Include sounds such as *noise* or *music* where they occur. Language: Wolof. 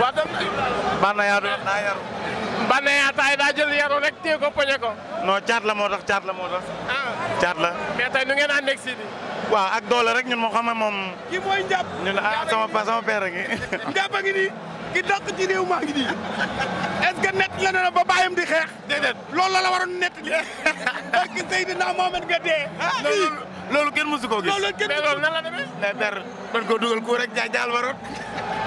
waa dem na. Banaya doon naa yaru. daa jël yaru rek téye ko poñe ko. non caat la moo tax caat la moo tax. Ah. caat la. mais tey nu ngeen ànd ak Sidi. ak doole rek ñun moo xam ne moom. ki mooy njàpp. ñun a ah, sama pa sama père ngi. *laughs* njàpp a ngi nii ki dàq ci réew maa ngi nii est ce que nett ba bàyyam di xeex. déedéet la la waroon nett li *laughs* parce que Seydina ah, loolu kenn mësu koo gis. loolu kenn mësu koo gis la demee. mais père dañ koo dugal ku rek jaay jaal waroon.